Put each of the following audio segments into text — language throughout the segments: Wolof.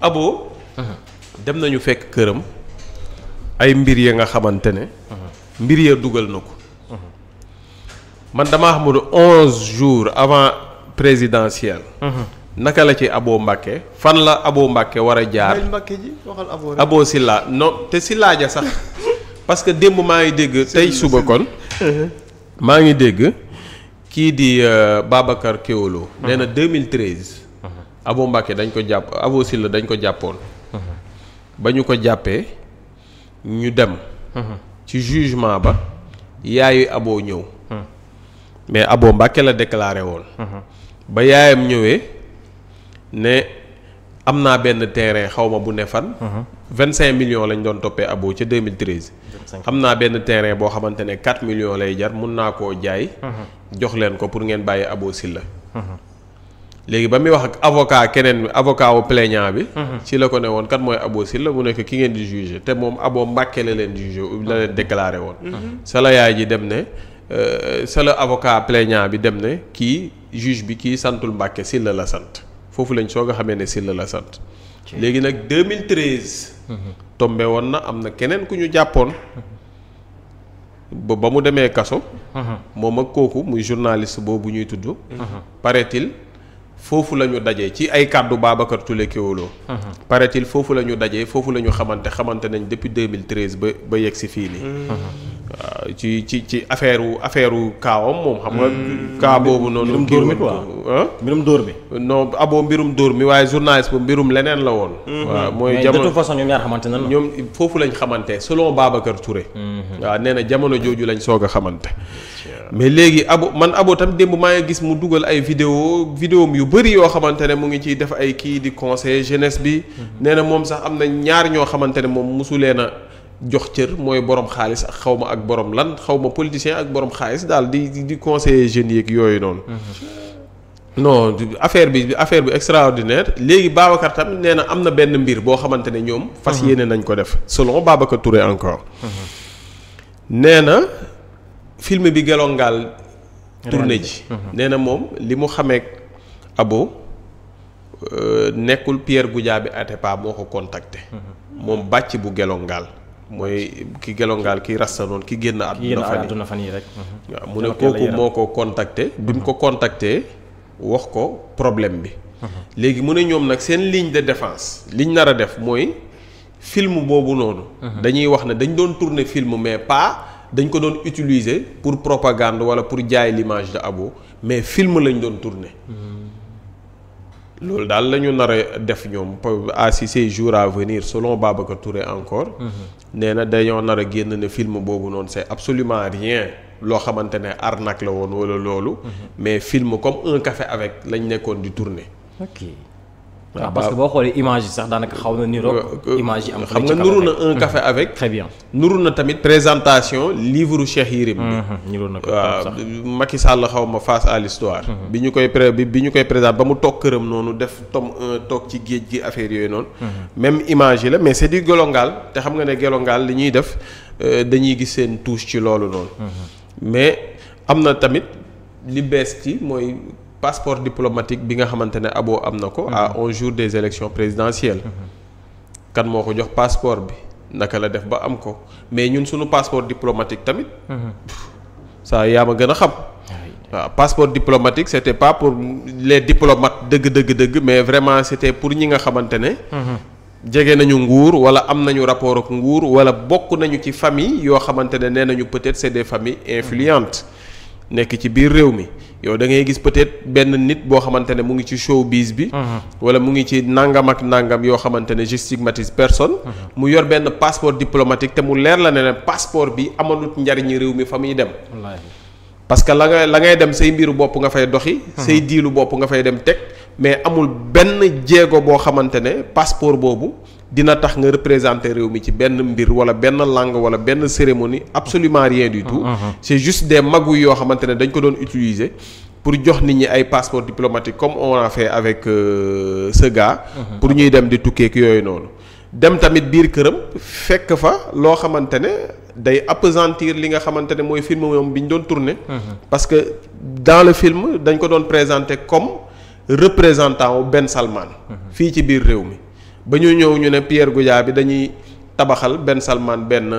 abo dem nañu fekk këram ay mbir ya nga xamante ne mbir ya dugal na ko man damaa xamul onze jours avant présidentielle naka la ci abo Mbàkke fan la abo Mbàkke war a jaar abo Silla non te Silla ja sax parce que démb maa ngi dégg tey suba kon maa ngi dégg kii di euh, Babacar Keolo nee na 2013 Abo Mbacke dañ ko jàpp aboo Sylla dañ ko jàppoon. ba ñu ko jàppee ñu dem. ci jugement ba yaayu aboo ñëw. mais aboo Mbacke la déclaré woon. ba yaayam ñëwee ne am naa benn terrain xaw ma bu ne fan. 25 million lañ doon toppee aboo ca 2013. am naa benn terrain boo xamante ne 4 millions lay jar mun naa koo jaay. jox leen ko pour ngeen bàyyi Abo Sylla. léegi ba muy wax ak avocat keneen avocat wu plaignant bi. Mhm. ci la ko ne woon kat mooy Abo Sylla mu nekk ki ngeen di jugé te moom Abo Mbàkke la leen jugé la leen mhm. déclaré woon. Mhm. sa la yaay ji dem ne euh, sa la avocat plaignant bi dem ne kii juge bi kii santul Mbàkke Sylla la sant foofu lañ soog a xamee ne Sylla la sant. léegi nag 2013. tombé woon na am na keneen ku ñu jàppoon. ba ba mu demee kaso. moom ak kooku muy journaliste boobu ñuy tudd. paraît foofu la ñu dajee ci ay kàddu Babacar Touré Kewoulo. Uh-huh. paraît foofu la ñu dajee foofu la ñu xamante xamante nañ depuis 2013 ba ba yegg si fii nii. Uh-huh. waaw ci ci ci affaire affaire kaawam moom. xam nga hmm, kaa boobu noonu. mbirum dóor mi bi. no abo mbirum dóor mi waaye journaliste bu mbirum leneen la woon. Hmm, hmm. waaw mooy jamono de toute façon ñoom xamante nan ñoom foofu lañ xamante selon Babacar Touré. waaw nee na jamono jooju lañ soog xamante. mais léegi abo man abo démb maa ngi gis mu dugal ay vidéo vidéo yu bëri yoo xamante ne mu ngi ciy def ay kii di conseil jeunesse bi. nee na moom sax am na ñaar ñoo xamante ne moom mosu leen jox cër mooy boroom xaalis ak xaw ma ak borom lan xaw ma politicien ak borom xaalis daal di di conseiller jeunes yeeg yooyu noonu. non affaire bi affaire bi extraordinaire léegi Babacar tam nee na am na benn mbir boo xamante ne ñoom. fas mhm. yéene nañ ko def selon Babacar Touré encore. Mhm. nee na film bi gelongaal tourné ji. Mhm. nee na moom li mu xamee abo euh, nekkul Pierre Goudiaby Atepa moo ko contacté. moom bàcc bu gelongaal mooy ki gelongaal ki rasta noonu ki génn àdduna fan yi rek mhm. waaw mu ne kooku moo ko contacté bi mu ko mhm. contacté wax ko problème bi mhm. léegi mu ne ñoom nag seen ligne de defence liñ nar a def mooy film boobu noonu dañuy wax ne dañ doon tourner film mais pas dañ ko doon utiliser pour propagande wala pour jaay l'image de Abo mais film lañ doon tourner loolu daal la ñu nar a def ñoom à ces jours à venir selon Babacar Touré encore. Mm-hmm. nee na dañoo nar a génn ne film boobu noonu c'est absolument rien loo xamante ne arnaque la woon wala loolu. Mm-hmm. mais film comme un café avec lañ nekkoon di tourner. ok waaw parce boo xoolee image yi sax daanaka xaw na niroo euh, euh, image yi am xam nga nuru na un café mmh. avec. très bien nuru na tamit présentation livre Cheikh Yérim bi mmh, mmh. niroo na ko waaw Sall xaw ma face à l'histoire bi ñu koy bi ñu koy présent ba mu toog këram noonu def tome toog ci géej gi affaire yooyu noonu. même image yi la mais c'est du gelongaal te xam nga ne gelongaal li ñuy def euh, dañuy gis seen touche ci loolu noonu. mais am na tamit li bees ci mooy. passeport diplomatique bi nga xamante ne Abo am na ko. à mhm. onze des élections présidentielles. Mhm. kan moo ko jox passeport bi naka la def ba am ko mais ñun suñu passeport diplomatique tamit. Mhm. ça yaa ma gën a xam. waaw passeport diplomatique c' était pas pour les diplomates dëgg dëgg dëgg mais vraiment c' était pour ñi nga xamante ne. jege nañu nguur wala am nañu rapport ak nguur wala bokk nañu ci famille yoo xamante ne nee nañu peut-être c'est des familles influentes nekk ci biir réew mi yow da ngay gis peut-être benn nit boo xamante ne mu ngi ci showbiz bi. Mhm. wala mu ngi ci nangam ak nangam yoo xamante ne je stigmatise personne. Mhm. mu yor benn passeport diplomatique te mu leer la ne ne passeport bi amalut njariñu réew mi fa muy dem. parce que la nga la ngay dem say mbiru bopp nga fay doxi. Mhm. say diilu bopp nga fay dem mais amul benn jéego boo xamante ne passeport boobu dina tax nga représenter réew mi ci benn mbir wala benn lang wala benn cérémonie absolument rien du tout. c'est juste des magouilles yoo xamante ne dañ ko doon utiliser. pour jox nit ñi ay passeport diplomatique comme on a avec euh, ce mhm. pour ñuy dem di tukkeek yooyu noonu. dem tamit biir këram fekk fa loo xamante ne day appesantir li nga xamante ne mooy film moom bi ñu doon tourné. Mhm. parce que dans le film dañ ko doon présenté comme représentant wu benn Salman. Mhm. fii ci biir réew mi ba ñu ñëw ñu ne Pierre Goudiaby bi dañuy tabaxal benn Salman benn.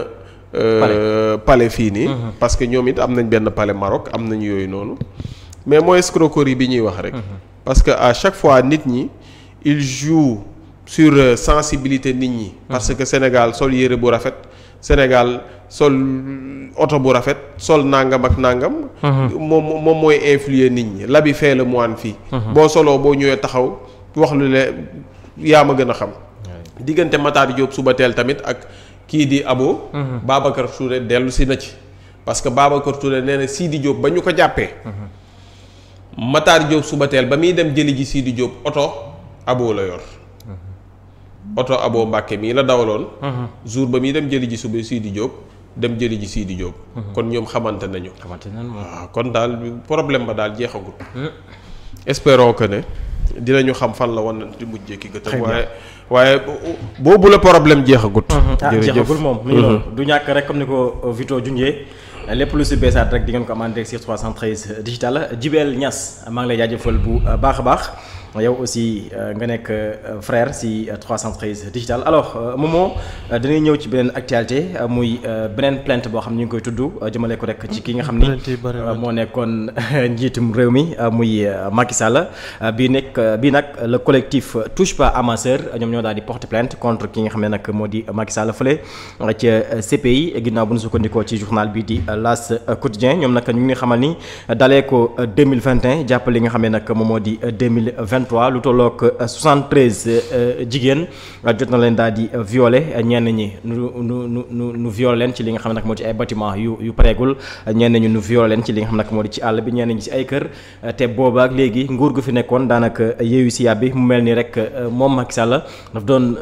Euh, palais palais fii nii. parce que ñoom it am nañ benn palais Maroc am nañu yooyu noonu. mais mooy escroquerie bi ñuy wax rek. Mhm. parce que à chaque fois nit ñi il joue sur euh, sensibilité nit ñi. Mhm. parce que Sénégal sol yére bu rafet. Sénégal sol oto bu rafet sol nangam ak nangam. Mhm. moom moom mooy influer nit ñi l'habit fait le moine fii. boo soloo boo ñëwee taxaw wax lu le yaa ma gën a xam. diggante Matar Diop suba teel tamit ak kii di Abo. Babacar Touré dellu si na ci. parce que Babacar Touré nee na Sidi Diop ba ñu ko jàppee. Matar Diop suba teel ba muy dem jëli ji di Diop oto aboo la yor mhm. oto aboo Mbàkke mii la dawaloon mhm. jour ba muy dem jëli ji suba di Diop dem jëli ji Sidi Diop mhm. kon ñoom xamante nañu xamante nañu waaw kon daal problème ba daal jeexagul eh. espérons que ne dinañu xam fan la wan di mujjee ki gëtëm waaye waaye boobu la problème jeexagut ah, jeexagul moom mu ngi noonu du ñàkk rek comme ni ko Vito junjee lépp lu si beesaat rek di ngeen ko amandé sur 313 digital Djibel Niass maa ngi lay jaajëfal bu baax a baax. yow aussi euh, nga nekk euh, frère si 313 euh, digital alors Momo dañuy ñëw ci beneen actualité muy beneen plainte boo xam ne ñu ngi koy tudd jëmale ko rek ci ki nga xam ni moo nekkoon njiitum réew mi muy Macky Sall bii nekk bii nag le collectif touche pas à ma sœur ñoo daal di porter plainte ki nga xam ne nag moo di Macky Sall fële ca CPI ginnaaw bu ñu sukkandikoo ci journal bi di L'As quotidien ñoom nag ñu ngi xamal ni dalee ko 2021 jàppale li nga xam ne nag moo di 2022 2023 lu tolloog 73 euh, euh, euh, jigéen jot na leen daal di violé ñenn ñi nu nu nu nu nu violé leen ci li nga xam ne nag moo ci ay bâtiment yu yu pareegul ñenn ñi nu violé leen ci li nga xam ne nag moo di ci àll bi ñenn ñi ci ay kër te boobaak léegi nguur gu fi nekkoon daanaka yeewu si yàbbi mu mel ni rek moom Macky Sall daf doon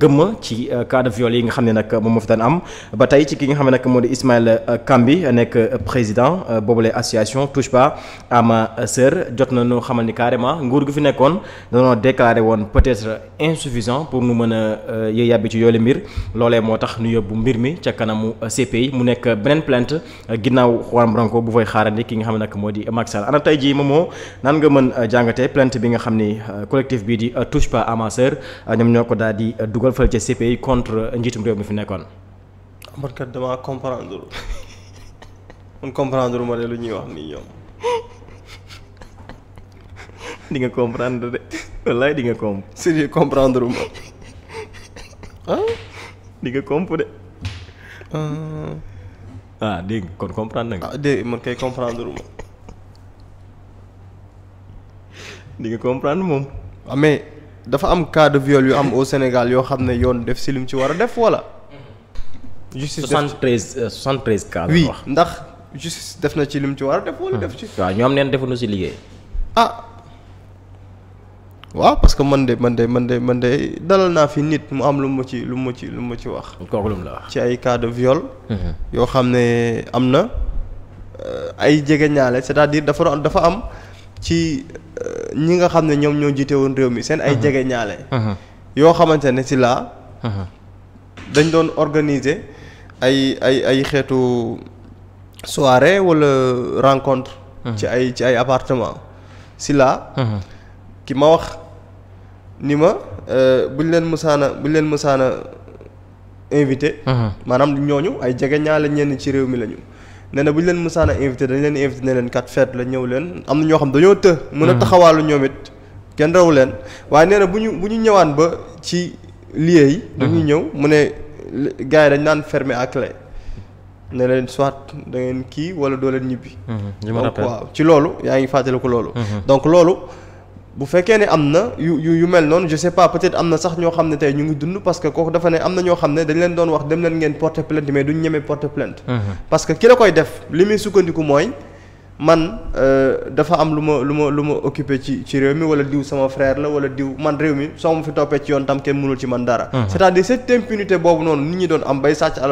gëmm ci cas de yi nga xam ne nag moom moo fi daan am ba tey ci ki nga xam ne nag moo di Ismaïla Kambi nekk président boobule association touche pas à jot na noo xamal ni carrément nguur gu fi nekkoon danoo déclaré woon peut-être insuffisant pour nu mën a euh, yë yàbbi ci yoole mbir loole moo tax ñu yóbbu mbir mi ca kanamu euh, CPI mu nekk beneen plainte euh, ginnaaw Juan Branco bu fay xaarandi ki nga xam ne nag moo di Macky Sall ana tey jii moom moo naan nga mën jàngatee plant bi nga xam ni collectif bii di touche pas à ma sœur ñoom ñoo ko daal di dugal fële ca CPI contre njiitum réew mi fi nekkoon. man kat damaa comprendre man lu ñuy wax di nga comprendre de wallaay di nga comp. sérieux comprendre ma ah di nga comp de. Ah. Ah, kon comprendre nga. ah dégg comprendre ma. di comprendre moom. waaw ah, mais dafa am cas viole yu am au Sénégal yoo xam ne yoon def si lim ci war a def wala. justice 73 73 euh, cas la wax. ndax justice def na ci lim ci war a def. wala def ci. waaw ñoom neen defuñu si liggéey. ah. waaw parce que man de man de man de man de dalal naa fi nit mu am lu mu ci lu mu ci lu mu ci wax. kooku lu la wax. ci ay cas de mhm. yoo xam ne am na euh, ay jegeñaale c'est-à-dire dafa dafa am ci euh, ñi nga xam ne ñoom ñoo jiite woon réew mi seen ay mhm. jege ñaale mhm. yoo xamante ne si laa. dañ doon organiser ay ay ay xeetu soire walla rencontre. ci ay ci ay appartement si laa. ki ma wax. ni ma euh, buñ leen musaana buñ leen musaana invité. Uh-huh. maanaam ñooñu ay jege lañ ñenn ci réew mi lañu. nee na bu ñu leen musaana invité dañ leen invité ne leen kat feet la ñëw leen am na ñoo xam dañoo të. mën a uh-huh. taxawaalu ñoom it kenn raw leen waaye nee bu ñu bu ñu ñëwaan ba ci lieu yi. dañuy uh-huh. ñëw mu ne gars yi dañ naan fermer à ne leen soit da ngeen kii wala doo leen ñibbi. donc waaw ci loolu yaa ngi fàttaliku loolu. donc loolu. bu fekkee ne am na yu yu yu mel noonu je sais pas peut am na sax ñoo xam ne tey ñu ngi dund parce que kooku dafa ne am na ñoo xam ne dañ leen doon wax dem leen ngeen porter plainte mais duñ ñemee porter plainte. Mhm. parce ki la koy def li muy sukkandiku mooy man euh, dafa am lu ma lu ma lu ma occupé ci ci réew mi wala diw sama frère la wala diw man réew mi soo ma fi toppee ci yoon tam kenn mënul ci man dara. Mhm. c'est-à-dire cette impunité boobu noonu nit ñi doon am bay sàcc